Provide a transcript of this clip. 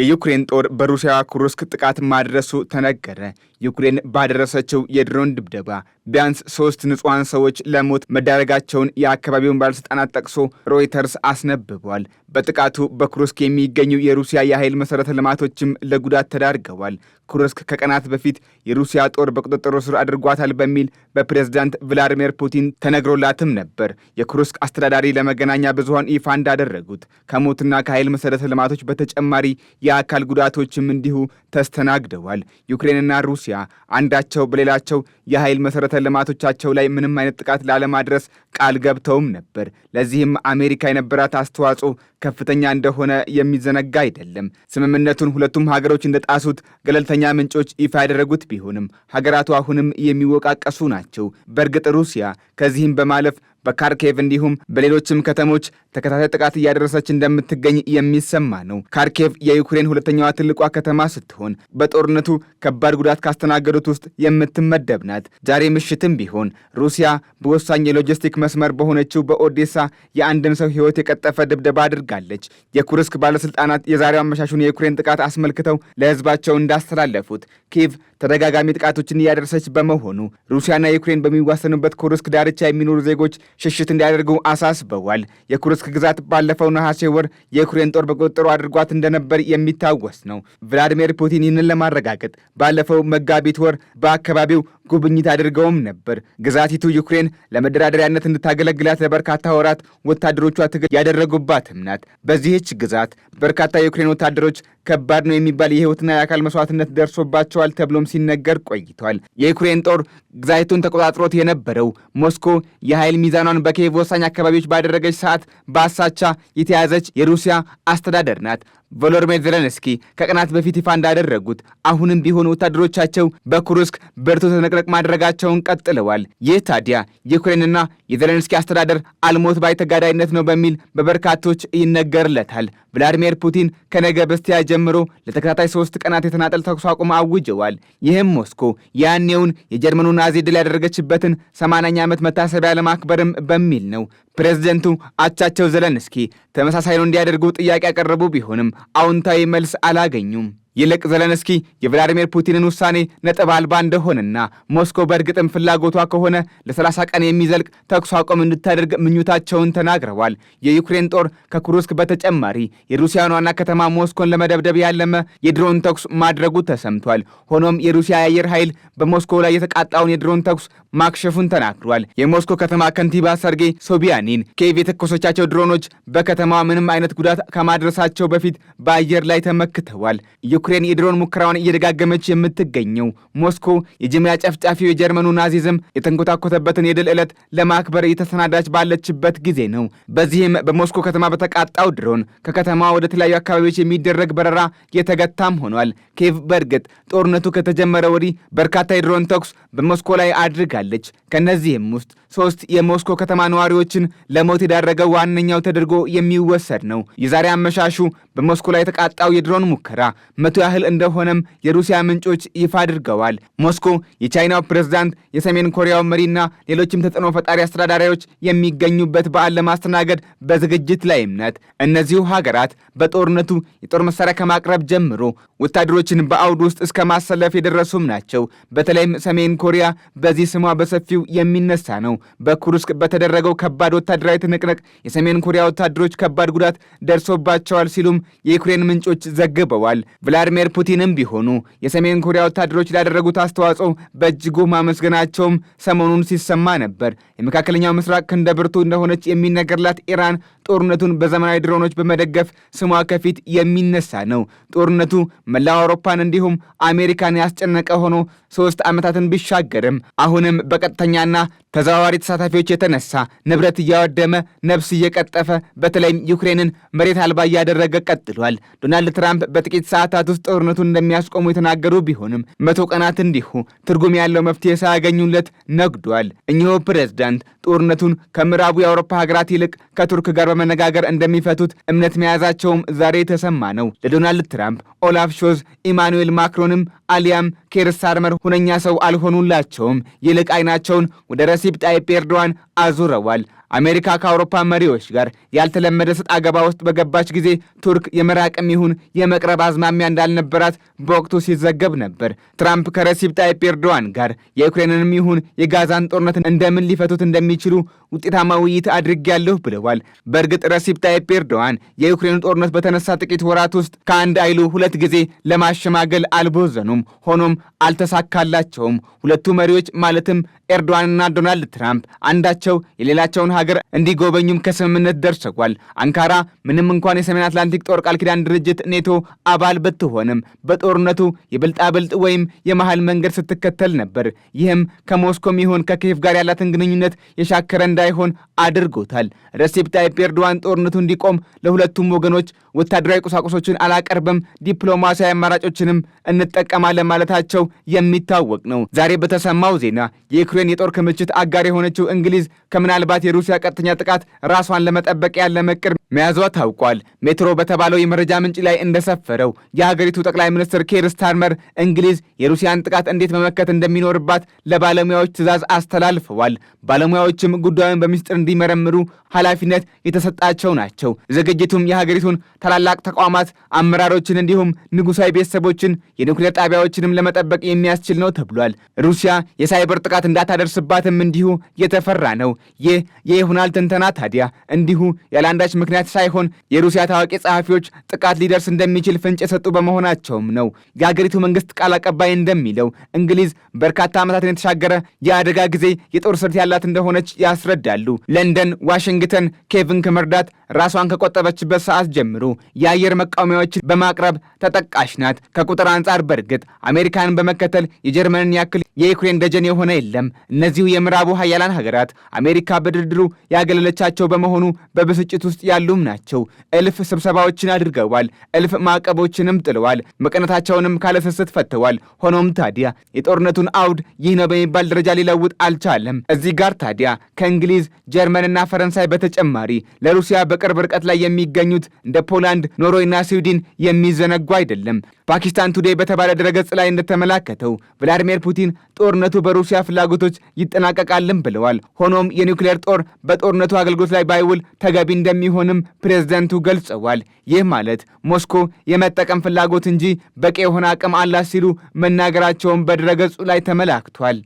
የዩክሬን ጦር በሩሲያ ኩርስክ ጥቃት ማድረሱ ተነገረ። ዩክሬን ባደረሰችው የድሮን ድብደባ ቢያንስ ሶስት ንጹሐን ሰዎች ለሞት መዳረጋቸውን የአካባቢውን ባለሥልጣናት ጠቅሶ ሮይተርስ አስነብቧል። በጥቃቱ በኩርስክ የሚገኙ የሩሲያ የኃይል መሠረተ ልማቶችም ለጉዳት ተዳርገዋል። ኩርስክ ከቀናት በፊት የሩሲያ ጦር በቁጥጥሩ ስር አድርጓታል በሚል በፕሬዝዳንት ቭላዲሚር ፑቲን ተነግሮላትም ነበር። የኩርስክ አስተዳዳሪ ለመገናኛ ብዙሃን ይፋ እንዳደረጉት ከሞትና ከኃይል መሠረተ ልማቶች በተጨማሪ የአካል ጉዳቶችም እንዲሁ ተስተናግደዋል። ዩክሬንና ሩሲያ አንዳቸው በሌላቸው የኃይል መሠረተ ልማቶቻቸው ላይ ምንም አይነት ጥቃት ላለማድረስ ቃል ገብተውም ነበር። ለዚህም አሜሪካ የነበራት አስተዋጽኦ ከፍተኛ እንደሆነ የሚዘነጋ አይደለም። ስምምነቱን ሁለቱም ሀገሮች እንደጣሱት ገለልተኛ ምንጮች ይፋ ያደረጉት ቢሆንም ሀገራቱ አሁንም የሚወቃቀሱ ናቸው። በእርግጥ ሩሲያ ከዚህም በማለፍ በካርኬቭ እንዲሁም በሌሎችም ከተሞች ተከታታይ ጥቃት እያደረሰች እንደምትገኝ የሚሰማ ነው። ካርኬቭ የዩክሬን ሁለተኛዋ ትልቋ ከተማ ስትሆን በጦርነቱ ከባድ ጉዳት ካስተናገዱት ውስጥ የምትመደብ ናት። ዛሬ ምሽትም ቢሆን ሩሲያ በወሳኝ የሎጂስቲክ መስመር በሆነችው በኦዴሳ የአንድን ሰው ሕይወት የቀጠፈ ድብደባ አድርጋለች። የኩርስክ ባለስልጣናት የዛሬው አመሻሹን የዩክሬን ጥቃት አስመልክተው ለህዝባቸው እንዳስተላለፉት ኪቭ ተደጋጋሚ ጥቃቶችን እያደረሰች በመሆኑ ሩሲያና ዩክሬን በሚዋሰኑበት ኩርስክ ዳርቻ የሚኖሩ ዜጎች ሽሽት እንዲያደርጉ አሳስበዋል። የኩርስክ ግዛት ባለፈው ነሐሴ ወር የዩክሬን ጦር በቁጥጥሩ አድርጓት እንደነበር የሚታወስ ነው። ቭላዲሚር ፑቲን ይህንን ለማረጋገጥ ባለፈው መጋቢት ወር በአካባቢው ጉብኝት አድርገውም ነበር። ግዛቲቱ ዩክሬን ለመደራደሪያነት እንድታገለግላት ለበርካታ ወራት ወታደሮቿ ትግል ያደረጉባትም ናት። በዚህች ግዛት በርካታ የዩክሬን ወታደሮች ከባድ ነው የሚባል የህይወትና የአካል መስዋዕትነት ደርሶባቸዋል ተብሎም ሲነገር ቆይቷል። የዩክሬን ጦር ግዛቲቱን ተቆጣጥሮት የነበረው ሞስኮ የኃይል ሚዛኗን በኪየቭ ወሳኝ አካባቢዎች ባደረገች ሰዓት በአሳቻ የተያዘች የሩሲያ አስተዳደር ናት። ቮሎድሚር ዘለንስኪ ከቀናት በፊት ይፋ እንዳደረጉት አሁንም ቢሆን ወታደሮቻቸው በኩርስክ በርቶ ተነቅነቅ ማድረጋቸውን ቀጥለዋል። ይህ ታዲያ የዩክሬንና የዘለንስኪ አስተዳደር አልሞት ባይ ተጋዳይነት ነው በሚል በበርካቶች ይነገርለታል። ቭላዲሚር ፑቲን ከነገ በስቲያ ጀምሮ ለተከታታይ ሶስት ቀናት የተናጠል ተኩስ አቁም አውጀዋል። ይህም ሞስኮ ያኔውን የጀርመኑ ናዚ ድል ያደረገችበትን ሰማንያኛ ዓመት መታሰቢያ ለማክበርም በሚል ነው። ፕሬዝደንቱ አቻቸው ዘለንስኪ ነው እንዲያደርጉ ጥያቄ ያቀረቡ ቢሆንም አዎንታዊ መልስ አላገኙም። ይልቅ ዘለንስኪ የቭላዲሚር ፑቲንን ውሳኔ ነጥብ አልባ እንደሆነና ሞስኮ በእርግጥም ፍላጎቷ ከሆነ ለ30 ቀን የሚዘልቅ ተኩስ አቁም እንድታደርግ ምኞታቸውን ተናግረዋል። የዩክሬን ጦር ከኩሩስክ በተጨማሪ የሩሲያን ዋና ከተማ ሞስኮን ለመደብደብ ያለመ የድሮን ተኩስ ማድረጉ ተሰምቷል። ሆኖም የሩሲያ የአየር ኃይል በሞስኮ ላይ የተቃጣውን የድሮን ተኩስ ማክሸፉን ተናግሯል። የሞስኮ ከተማ ከንቲባ ሰርጌይ ሶቢያኒን ኬቭ የተኮሰቻቸው ድሮኖች በከተማዋ ምንም አይነት ጉዳት ከማድረሳቸው በፊት በአየር ላይ ተመክተዋል። ዩክሬን የድሮን ሙከራውን እየደጋገመች የምትገኘው ሞስኮ የጅምላ ጨፍጫፊው የጀርመኑ ናዚዝም የተንኮታኮተበትን የድል ዕለት ለማክበር እየተሰናዳች ባለችበት ጊዜ ነው። በዚህም በሞስኮ ከተማ በተቃጣው ድሮን ከከተማ ወደ ተለያዩ አካባቢዎች የሚደረግ በረራ የተገታም ሆኗል። ኬቭ በእርግጥ ጦርነቱ ከተጀመረ ወዲህ በርካታ የድሮን ተኩስ በሞስኮ ላይ አድርጋል። ትገኛለች። ከእነዚህም ውስጥ ሶስት የሞስኮ ከተማ ነዋሪዎችን ለሞት የዳረገ ዋነኛው ተደርጎ የሚወሰድ ነው። የዛሬ አመሻሹ በሞስኮ ላይ የተቃጣው የድሮን ሙከራ መቶ ያህል እንደሆነም የሩሲያ ምንጮች ይፋ አድርገዋል። ሞስኮ የቻይናው ፕሬዝዳንት፣ የሰሜን ኮሪያው መሪና ሌሎችም ተጽዕኖ ፈጣሪ አስተዳዳሪዎች የሚገኙበት በዓል ለማስተናገድ በዝግጅት ላይ እምነት እነዚሁ ሀገራት በጦርነቱ የጦር መሳሪያ ከማቅረብ ጀምሮ ወታደሮችን በአውድ ውስጥ እስከ ማሰለፍ የደረሱም ናቸው። በተለይም ሰሜን ኮሪያ በዚህ ስሟ በሰፊው የሚነሳ ነው። በኩርስክ በተደረገው ከባድ ወታደራዊ ትንቅንቅ የሰሜን ኮሪያ ወታደሮች ከባድ ጉዳት ደርሶባቸዋል ሲሉም የዩክሬን ምንጮች ዘግበዋል። ቭላድሚር ፑቲንም ቢሆኑ የሰሜን ኮሪያ ወታደሮች ላደረጉት አስተዋጽኦ በእጅጉ ማመስገናቸውም ሰሞኑን ሲሰማ ነበር። የመካከለኛው ምስራቅ ክንደ ብርቱ እንደሆነች የሚነገርላት ኢራን ጦርነቱን በዘመናዊ ድሮኖች በመደገፍ ስሟ ከፊት የሚነሳ ነው። ጦርነቱ መላው አውሮፓን እንዲሁም አሜሪካን ያስጨነቀ ሆኖ ሶስት ዓመታትን ቢሻገርም አሁንም በቀጥተኛና ተዘዋ ተዘዋዋሪ ተሳታፊዎች የተነሳ ንብረት እያወደመ ነፍስ እየቀጠፈ በተለይም ዩክሬንን መሬት አልባ እያደረገ ቀጥሏል። ዶናልድ ትራምፕ በጥቂት ሰዓታት ውስጥ ጦርነቱን እንደሚያስቆሙ የተናገሩ ቢሆንም መቶ ቀናት እንዲሁ ትርጉም ያለው መፍትሄ ሳያገኙለት ነግዷል። እኚሁ ፕሬዝዳንት ጦርነቱን ከምዕራቡ የአውሮፓ ሀገራት ይልቅ ከቱርክ ጋር በመነጋገር እንደሚፈቱት እምነት መያዛቸውም ዛሬ የተሰማ ነው። ለዶናልድ ትራምፕ፣ ኦላፍ ሾዝ፣ ኢማኑኤል ማክሮንም አሊያም ኬር ስታርመር ሁነኛ ሰው አልሆኑላቸውም። ይልቅ አይናቸውን ወደ ረሲፕ ጣይፕ ኤርዶዋን አዙረዋል። አሜሪካ ከአውሮፓ መሪዎች ጋር ያልተለመደ ሰጥ አገባ ውስጥ በገባች ጊዜ ቱርክ የመራቅም ይሁን የመቅረብ አዝማሚያ እንዳልነበራት በወቅቱ ሲዘገብ ነበር። ትራምፕ ከረሲብ ጣይፕ ኤርዶዋን ጋር የዩክሬንንም ይሁን የጋዛን ጦርነት እንደምን ሊፈቱት እንደሚችሉ ውጤታማ ውይይት አድርጌያለሁ ብለዋል። በእርግጥ ረሲብ ጣይፕ ኤርዶዋን የዩክሬኑ ጦርነት በተነሳ ጥቂት ወራት ውስጥ ከአንድ አይሉ ሁለት ጊዜ ለማሸማገል አልቦዘኑም። ሆኖም አልተሳካላቸውም። ሁለቱ መሪዎች ማለትም ኤርዶዋንና ዶናልድ ትራምፕ አንዳቸው የሌላቸውን ሀገር እንዲጎበኙም ከስምምነት ደርሰጓል። አንካራ ምንም እንኳን የሰሜን አትላንቲክ ጦር ቃል ኪዳን ድርጅት ኔቶ አባል ብትሆንም በጦርነቱ የብልጣብልጥ ወይም የመሃል መንገድ ስትከተል ነበር። ይህም ከሞስኮም ይሁን ከኬፍ ጋር ያላትን ግንኙነት የሻከረ እንዳይሆን አድርጎታል። ረሴፕ ታይፕ ኤርዶዋን ጦርነቱ እንዲቆም ለሁለቱም ወገኖች ወታደራዊ ቁሳቁሶችን አላቀርብም፣ ዲፕሎማሲያዊ አማራጮችንም እንጠቀማለን ማለታቸው የሚታወቅ ነው። ዛሬ በተሰማው ዜና የዩክሬን የጦር ክምችት አጋር የሆነችው እንግሊዝ ከምናልባት የሩሲያ ቀጥተኛ ጥቃት ራሷን ለመጠበቅ ያለ መቅር መያዟ ታውቋል። ሜትሮ በተባለው የመረጃ ምንጭ ላይ እንደሰፈረው የሀገሪቱ ጠቅላይ ሚኒስትር ኬር ስታርመር እንግሊዝ የሩሲያን ጥቃት እንዴት መመከት እንደሚኖርባት ለባለሙያዎች ትዕዛዝ አስተላልፈዋል። ባለሙያዎችም ጉዳዩን በሚስጥር እንዲመረምሩ ኃላፊነት የተሰጣቸው ናቸው። ዝግጅቱም የሀገሪቱን ታላላቅ ተቋማት አመራሮችን፣ እንዲሁም ንጉሳዊ ቤተሰቦችን የኒውክሌር ጣቢያዎችንም ለመጠበቅ የሚያስችል ነው ተብሏል። ሩሲያ የሳይበር ጥቃት እንዳታደርስባትም እንዲሁ የተፈራ ነው። ይህ የይሆናል ትንተና ታዲያ እንዲሁ ያለአንዳች ምክንያት ምክንያት ሳይሆን የሩሲያ ታዋቂ ጸሐፊዎች ጥቃት ሊደርስ እንደሚችል ፍንጭ የሰጡ በመሆናቸውም ነው። የአገሪቱ መንግስት ቃል አቀባይ እንደሚለው እንግሊዝ በርካታ ዓመታትን የተሻገረ የአደጋ ጊዜ የጦር ስርት ያላት እንደሆነች ያስረዳሉ። ለንደን ዋሽንግተን ኬቭን ከመርዳት ራሷን ከቆጠበችበት ሰዓት ጀምሮ የአየር መቃወሚያዎችን በማቅረብ ተጠቃሽ ናት። ከቁጥር አንጻር በእርግጥ አሜሪካንን በመከተል የጀርመንን ያክል የዩክሬን ደጀን የሆነ የለም። እነዚሁ የምዕራቡ ሀያላን ሀገራት አሜሪካ በድርድሩ ያገለለቻቸው በመሆኑ በብስጭት ውስጥ ያሉ ያሉም ናቸው። እልፍ ስብሰባዎችን አድርገዋል። እልፍ ማዕቀቦችንም ጥለዋል። መቀነታቸውንም ካለስስት ፈተዋል። ሆኖም ታዲያ የጦርነቱን አውድ ይህ ነው በሚባል ደረጃ ሊለውጥ አልቻለም። እዚህ ጋር ታዲያ ከእንግሊዝ ጀርመንና ፈረንሳይ በተጨማሪ ለሩሲያ በቅርብ ርቀት ላይ የሚገኙት እንደ ፖላንድ፣ ኖርዌይና ስዊድን የሚዘነጉ አይደለም። ፓኪስታን ቱዴይ በተባለ ድረገጽ ላይ እንደተመላከተው ቭላዲሚር ፑቲን ጦርነቱ በሩሲያ ፍላጎቶች ይጠናቀቃልም ብለዋል። ሆኖም የኒውክሌር ጦር በጦርነቱ አገልግሎት ላይ ባይውል ተገቢ እንደሚሆንም መሆኑንም ፕሬዝደንቱ ገልጸዋል። ይህ ማለት ሞስኮ የመጠቀም ፍላጎት እንጂ በቂ የሆነ አቅም አላት ሲሉ መናገራቸውን በድረገጹ ላይ ተመላክቷል።